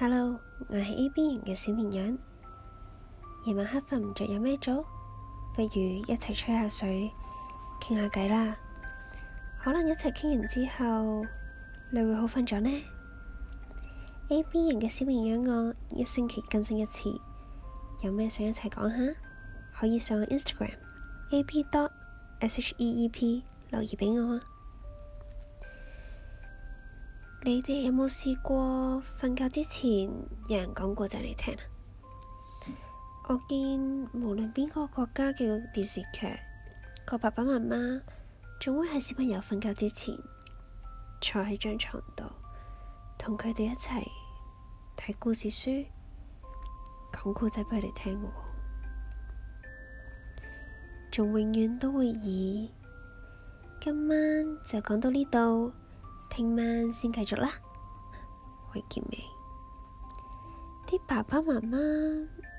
Hello，我係 A B 型嘅小綿羊。夜晚黑瞓唔着，有咩做？不如一齊吹下水，傾下偈啦。可能一齊傾完之後，你會好瞓咗呢？A B 型嘅小綿羊，我一星期更新一次，有咩想一齊講下？可以上我 Instagram A p dot S H E E P 留言畀我。你哋有冇試過瞓覺之前有人講故仔嚟聽啊？我見，無論邊個國家嘅電視劇，個爸爸媽媽總會喺小朋友瞓覺之前坐喺張床度，同佢哋一齊睇故事書，講故仔畀佢哋聽噶喎，仲永遠都會以今晚就講到呢度。聽晚先繼續啦，慧杰尾啲爸爸媽媽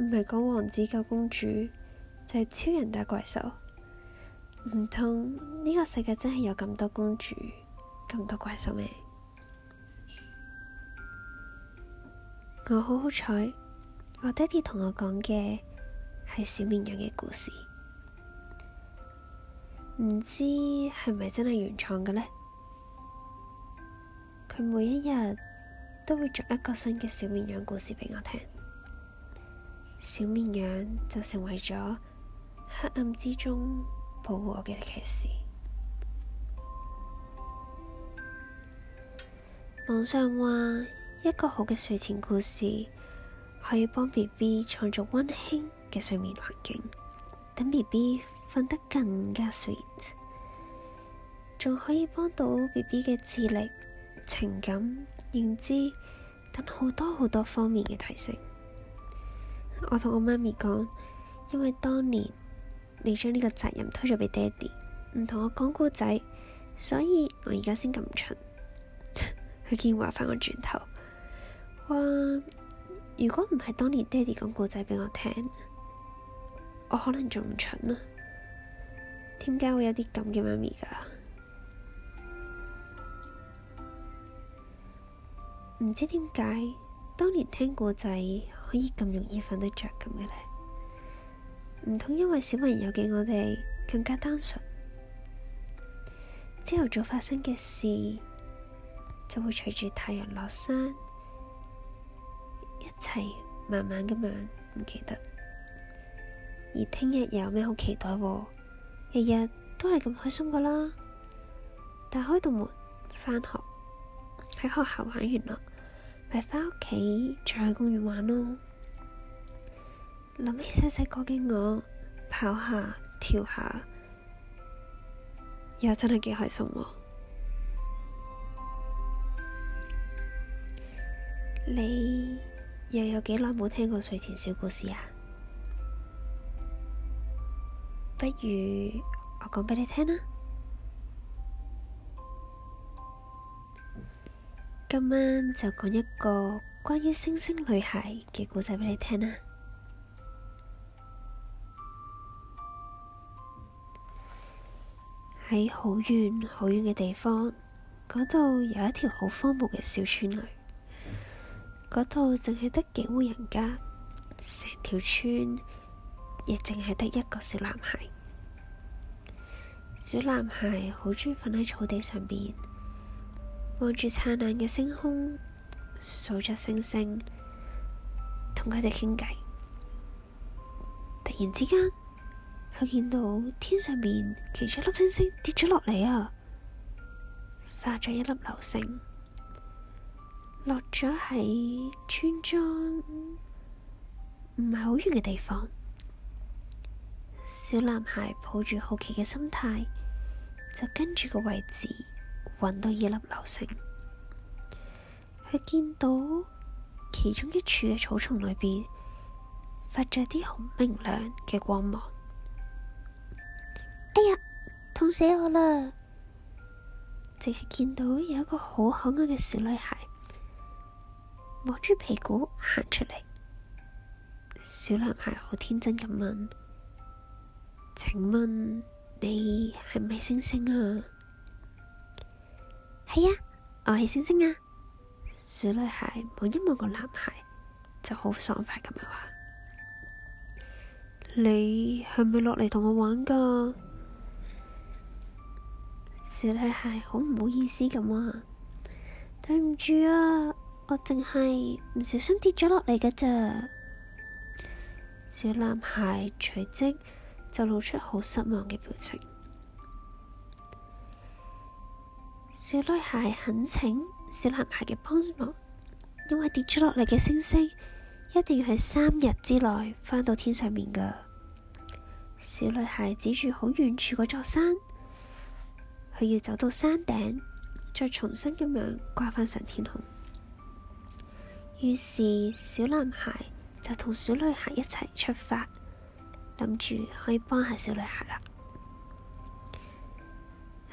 唔係講王子救公主，就係、是、超人打怪獸。唔通呢個世界真係有咁多公主，咁多怪獸咩？我好好彩，我爹哋同我講嘅係小綿羊嘅故事，唔知係咪真係原創嘅呢？佢每一日都會作一個新嘅小綿羊故事俾我聽，小綿羊就成為咗黑暗之中保護我嘅騎士。網上話，一個好嘅睡前故事可以幫 BB 創造溫馨嘅睡眠環境，等 BB 瞓得更加 sweet，仲可以幫到 BB 嘅智力。情感、認知等好多好多方面嘅提升。我同我媽咪講，因為當年你將呢個責任推咗畀爹哋，唔同我講故仔，所以我而家先咁蠢。佢 竟然話翻我轉頭，話如果唔係當年爹哋講故仔畀我聽，我可能仲唔蠢啊。」點解會有啲咁嘅媽咪噶？唔知點解當年聽故仔可以咁容易瞓得着咁嘅呢？唔通因為小朋友嘅我哋更加單純，朝頭早發生嘅事就會隨住太陽落山，一齊慢慢咁樣唔記得。而聽日又有咩好期待啊？日日都係咁開心噶啦！打開度門，返學喺學校玩完啦～帶翻屋企再去公園玩咯，諗起細細個嘅我，跑下跳下，又真係幾開心喎。 你又有幾耐冇聽過睡前小故事啊？不如我講畀你聽呀。今晚就講一個關於星星女孩嘅故仔俾你聽啦。喺好遠好遠嘅地方，嗰度有一條好荒蕪嘅小村嚟，嗰度淨係得幾戶人家，成條村亦淨係得一個小男孩。小男孩好鍾意瞓喺草地上邊。望住燦爛嘅星空，數着星星，同佢哋傾偈。突然之間，佢見到天上面其中一粒星星跌咗落嚟啊！化咗一粒流星，落咗喺村莊唔係好遠嘅地方。小男孩抱住好奇嘅心態，就跟住個位置。搵到二粒流星，佢見到其中一處嘅草叢裏邊發着啲好明亮嘅光芒。哎呀，痛死我啦！淨係見到有一個好可愛嘅小女孩摸住屁股行出嚟。小男孩好天真咁問：請問你係咪星星啊？係啊，我係星星啊！小女孩望一望個男孩，就好爽快咁樣話：你係咪落嚟同我玩噶？小女孩好唔好意思咁話、啊：對唔住啊，我淨係唔小心跌咗落嚟噶咋！小男孩隨即就露出好失望嘅表情。小女孩懇請小男孩嘅幫忙，因為跌咗落嚟嘅星星一定要喺三日之內返到天上面噶小女孩指住好遠處嗰座山，佢要走到山頂，再重新咁樣掛返上天空。於是小男孩就同小女孩一齊出發，諗住可以幫下小女孩啦。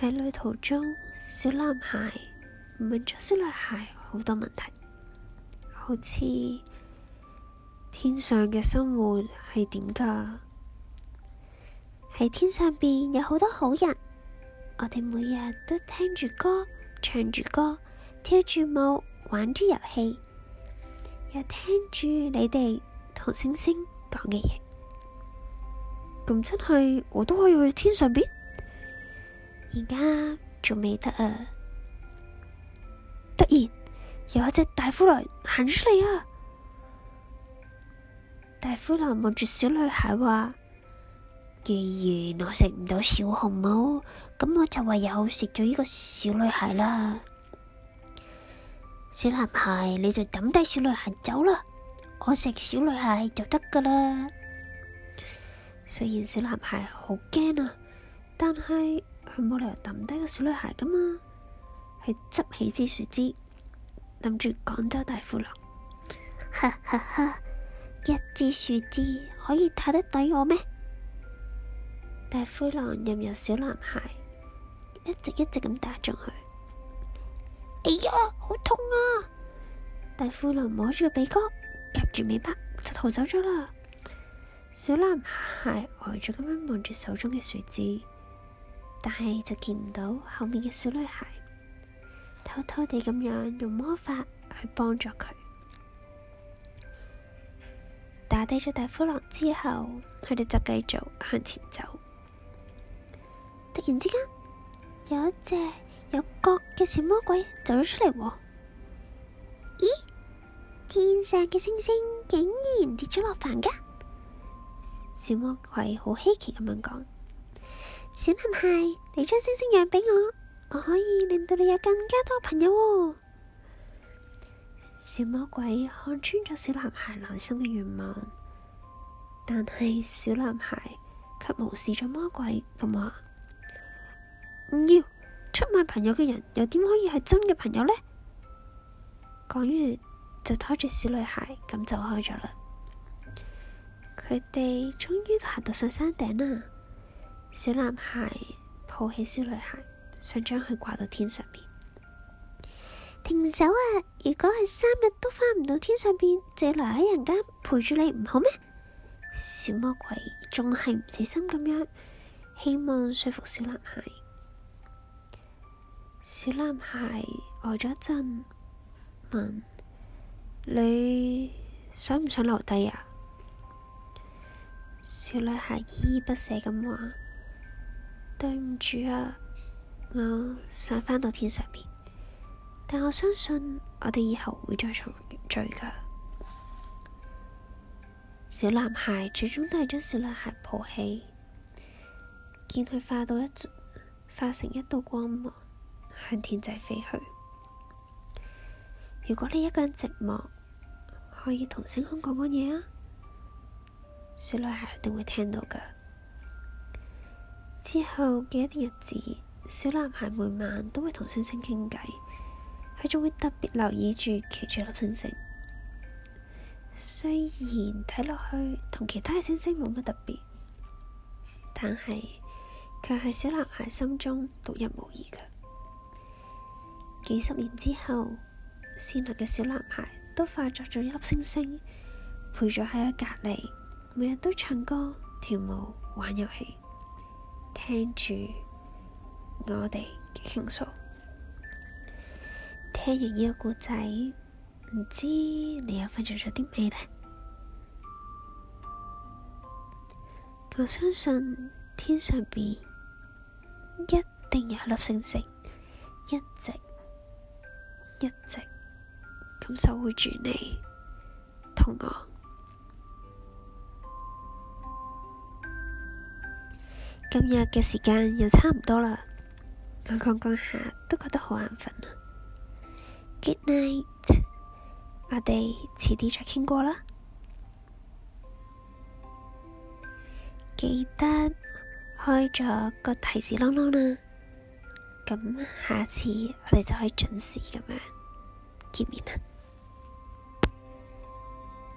喺旅途中，小男孩問咗小女孩好多問題，好似天上嘅生活係點㗎？喺天上邊有好多好人，我哋每日都聽住歌、唱住歌、跳住舞、玩住遊戲，又聽住你哋同星星講嘅嘢。咁真係，我都可以去天上邊？而家仲未得啊！突然有一隻大灰狼行出嚟啊！大灰狼望住小女孩話：既然我食唔到小紅帽，咁我就唯有食咗呢個小女孩啦！小男孩，你就抌低小女孩走啦，我食小女孩就得噶啦。雖然小男孩好驚啊，但係。佢冇理由抌低個小女孩噶嘛？去執起支樹枝,枝，諗住趕走大灰狼，哈哈哈！一支樹枝可以打得倒我咩？大灰狼任由小男孩一直一直咁打中佢。哎呀，好痛啊！大灰狼摸住個鼻哥，夾住尾巴就逃走咗啦。小男孩呆住咁樣望住手中嘅樹枝。但係就見唔到後面嘅小女孩，偷偷地咁樣用魔法去幫助佢。打低咗大灰狼之後，佢哋就繼續向前走。突然之間，有一隻有角嘅小魔鬼走咗出嚟喎。咦？天上嘅星星竟然跌咗落凡間？小魔鬼好稀奇咁樣講。小男孩，你將星星讓畀我，我可以令到你有更加多朋友哦。小魔鬼看穿咗小男孩內心嘅願望，但係小男孩卻無視咗魔鬼嘅話，唔要出賣朋友嘅人又點可以係真嘅朋友呢？講完就拖住小女孩咁就走開咗啦。佢哋終於行到上山頂啦。小男孩抱起小女孩，想將佢掛到天上面。停手啊！如果係三日都翻唔到天上邊，就留喺人間陪住你唔好咩？小魔鬼仲係唔死心咁樣，希望說服小男孩。小男孩呆咗一陣，問，你想唔想留低啊？小女孩依依不捨咁話。對唔住啊，我想返到天上邊，但我相信我哋以後會再重聚噶。小男孩最終都係將小女孩抱起，見佢化到一化成一道光芒，向天際飛去。如果你一個人寂寞，可以同星空講講嘢啊，小女孩一定會聽到噶。之後嘅一啲日子，小男孩每晚都會同星星傾偈。佢仲會特別留意住其中一粒星星，雖然睇落去同其他星星冇乜特別，但係卻係小男孩心中獨一無二嘅。幾十年之後，善良嘅小男孩都化作咗一粒星星，陪咗喺佢隔籬，每日都唱歌、跳舞、玩遊戲。聽住我哋嘅傾訴，聽完呢個故仔，唔知你又瞓着咗啲咩呢？我相信天上邊一定有一粒星星，一直一直咁守護住你同我。今日嘅時間又差唔多啦，我講講下都覺得好眼瞓啊。Good night，我哋遲啲再傾過啦。記得開咗個提示啷啷啦，咁下次我哋就可以準時咁樣見面啦。